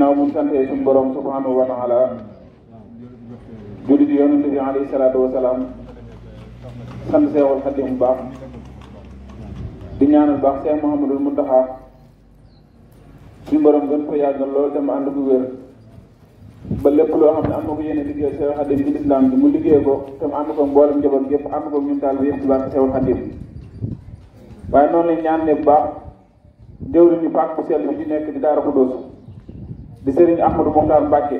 ginnaaw bu santee suñu borom subhanahu wa taala julli di yonente bi alayhi salaatu wa salaam sant seexul xadim bu baax di ñaanal baax seex Muhammadul Muntaxa suñu borom gën ko yàggal loolu dem ànd bu wér ba lépp loo xam ne am na ko yéene liggéey seexul xadim ci lislaam bi mu liggéey ko te mu ànd ko mboolem njaboot gépp ànd ko ñun taal bi yëpp ci baax seexul xadim waaye noonu ñaan ne bu baax jëwriñu pàkk bu sell bi ci nekk di daara ko doosu di serigne ahmadou mokhtar mbacke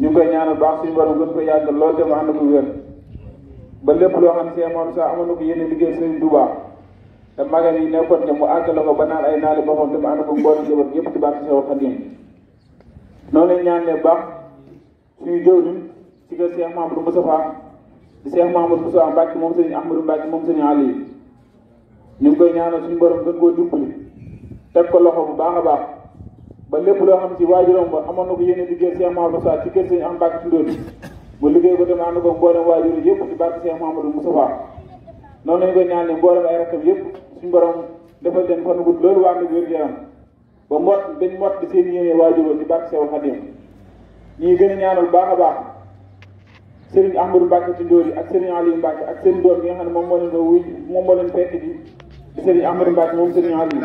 ñu koy ñaanal baax suñu borom gën ko yagg lool dem and ko wër ba lepp lo xam ne moom sa amoon ko yene liggéey serigne Touba te magal yi nekkon ne mu àggale ko ba naan ay naali boppam te and ko mboolem jabar yépp ci barke sa xadim lay ñaan ñaanee baax suñu jëwlu ci kër Cheikh Mamadou mustafa di Cheikh Mamadou mustafa Mbacke mom serigne Ahmadou Mbacke mom serigne Ali ñu koy ñaanal suñu borom gën ko dimbali tek ko loxo bu baaxa baax ba lepp lo xam ci waajuram ba amono ko yene digel Cheikh mamadou Sa ci keur seigne am ci tundóoli bu liggéey ko dama ànd ko mboolem waajur yep ci barke Cheikh mamadou Moustapha non lañ ko ñaan ni mboolem ay rakam yep suñu borom defal leen fan gudd lool waa nag yaram ba mot bañ mot di seen yéene waajur ci barke Cheikh Khadim ñi gëna a ñaanal baax a baax Serigne Ahmadou Mbacke Tindori ak Serigne ali Mbacke ak seen doom yi nga xam mom mo leen do wuy mom mo leen fekk di Serigne amadou Mbacke mom Serigne ali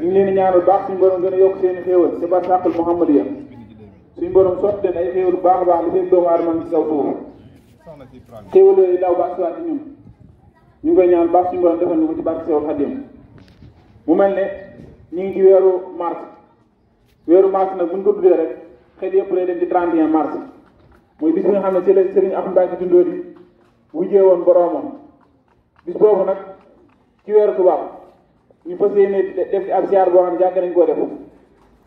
ñu ngi leen ñaanu baax suñu borom gën a yokk seen xéewal ci ba sàqul muhammad ya suñu borom sot ay xéewal baax baax li seen doomu aadama ci kaw suuf xéewal yooyu daw baax siwaat ñun ñu ngi ñaan baax suñu borom defal ñu ko ci barke sewal xadim mu mel ne ñu ngi ci weeru mars weeru mars nag buñ ko tuddee rek xel yëpp lay dem ci 31 mars muy bis bi nga xam ne ci la sëriñ ab mbàkki dundoo di wujjee woon bis boobu nag ci weeru tubaab ñu fas yéene def ab ziar boo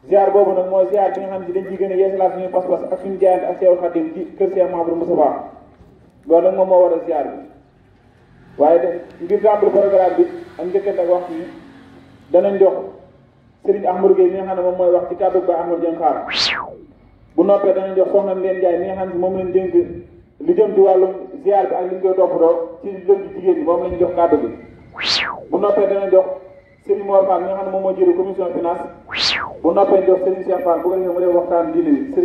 xam boobu nag mooy ziar bi nga xam ne dañ ciy gën a yeesalaat suñu pas-pas ak suñu ak Seexul Xadim ci kër moom moo waral ziar bi waaye de ngir tàmbali programme bi ak njëkkante ak wax bi danañ jox Serigne Ahmadou Gueye mi nga xam ne moom mooy wax ci kàddu ba Ahmadou Dieng Xaar bu noppee danañ jox soxna Ndeye Ndiaye mi nga xam ne moom lañ dénk lu jëm ci wàllum ziar bi ak li ñu koy doo ci lu jëm ci jigéen ñi moom lañ jox kàddu bi bu noppee danañ jox Serigne Mor Fall mi nga xam ne moom moo jiite commission finance bu noppee jox Serigne Cheikh Fall bu ko defee def waxtaan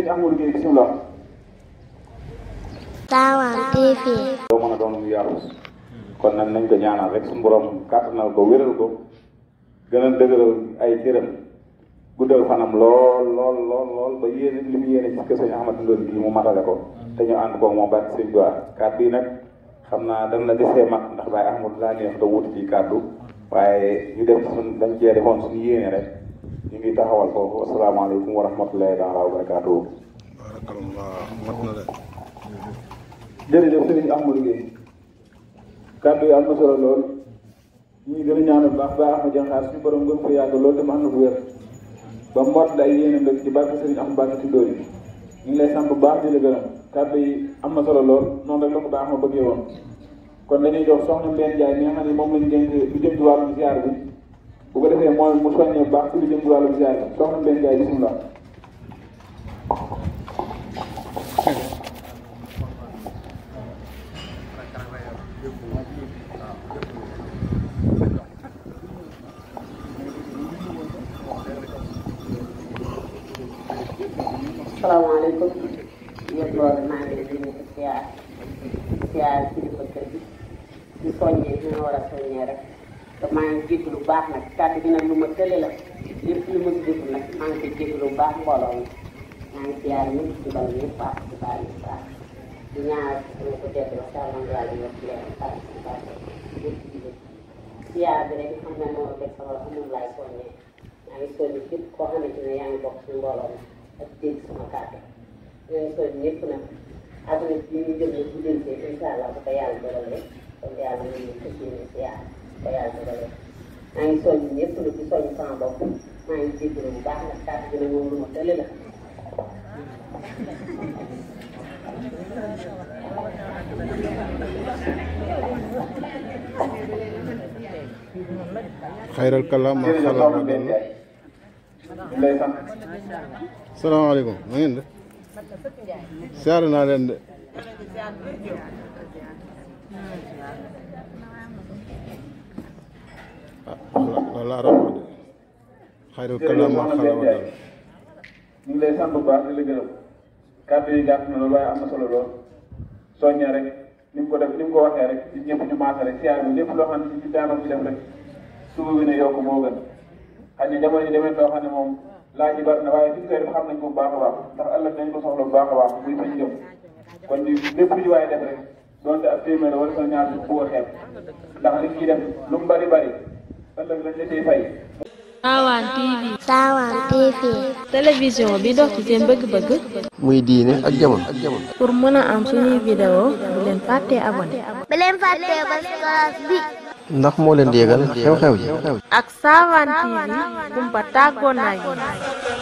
Amadou Gueye bismillah. TV. doo mën a mu yaaru kon nag nañ ko ñaanal rek suñu borom kàttanal ko wéral ko gën dëgëral ay cëram guddal fanam lool lool lool lool ba yéene li mu ci kër Ahmad Ndoon gi mu matale ko te ñu ànd koog moom baat sëñ Doi la ndax Ahmad neex ci waaye ñu def suñ dañ cee defoon suñu yéene rek ñu ngi taxawal foofu asalaamaaleykum wa rahmatullahi taala wa barakaatuhu jërëjëf sëriñ amul ngeen kàddu yi am na solo lool ñu gën a ñaanal baax baax ma jànxaar suñu borom gën ko yàgg lool dama am na bu wér ba mot lay yéene mbëgg ci barke sëriñ am barke ci dóor ñu ngi lay sant baax di la gërëm kàddu yi am na solo lool noonu rek la ko baax ma bëggee woon kon dañuy jox soxna Mbène Ndiaye mi nga xam ne moom lañ dénk lu jëm ci wàllum ziar bi bu ko defee mooy mu soññee baax ci lu jëm ci wàllum ziar bi soxna Mbène Ndiaye bisimilah. salaamaaleykum. feeñee rek te maa ngi jéglu baax nag kàddu gi nag lu ma tële la lépp lu ma jëf nag maa ngi koy jéglu baax mbooloo mi maa ngi siyaar ñëpp di bal ñëpp baax di baal ñëpp baax di ñaar sama ko tedd wax sàllam yàlla yëpp di leen baax baax siyaar bi rek xam na sama xam laay soññee maa ngi soññi képp koo xamante ne yaa ngi bokk mbooloo mi ak dégg sama kàddu ngi soññi ñëpp nag àdduna bi ñu jëm ne bu incha allah bu ko yàlla rek kon yàlla ñu ngi fas yéene siyaar ba yàlla dugal maa ngi soññ ñëpp nag di soññ sama bopp maa ngi jégalu bu baax nag kàddu gi nag moom lu ma tële la. xayral kalaam ma xalaat ma doon salaamaaleykum na ngeen def siyaare naa leen de walla arabaat xayru kalaamaa xalaa wa dal ñu ngi lay sant bu baax di la gërëm kàddu yi loolu waaye am na solo lool soñña rek ni mu ko def ni mu ko waxee rek ci ñëpp ñu maase rek siyaar bi lépp loo xam ne ci daanam ci def rek yokk moo gën xaj na jamono yi demee loo xam ne moom laaj yi bari na waaye fi ñu koy def xam nañ ko bu baax a baax ndax ëllëg dañ ko soxla bu baax a baax muy fañ jëm kon ñu lépp lu ñu waaye def rek donte ak téeméer wala sax ñaar bu ko xeeb ndax li ciy def lu mu bari bari ëllëg lañ la cay fay. Tawane TV. Tawane TV. télévision bi dox ci seen bëgg-bëgg. muy diine ak jamono ak jamono. pour mën a am suñu vidéo bu leen fàttee abonné. bu leen fàttee ba classe bi. ndax moo leen di xew-xew ji. ak Sawane TV kumpa tàggoon naa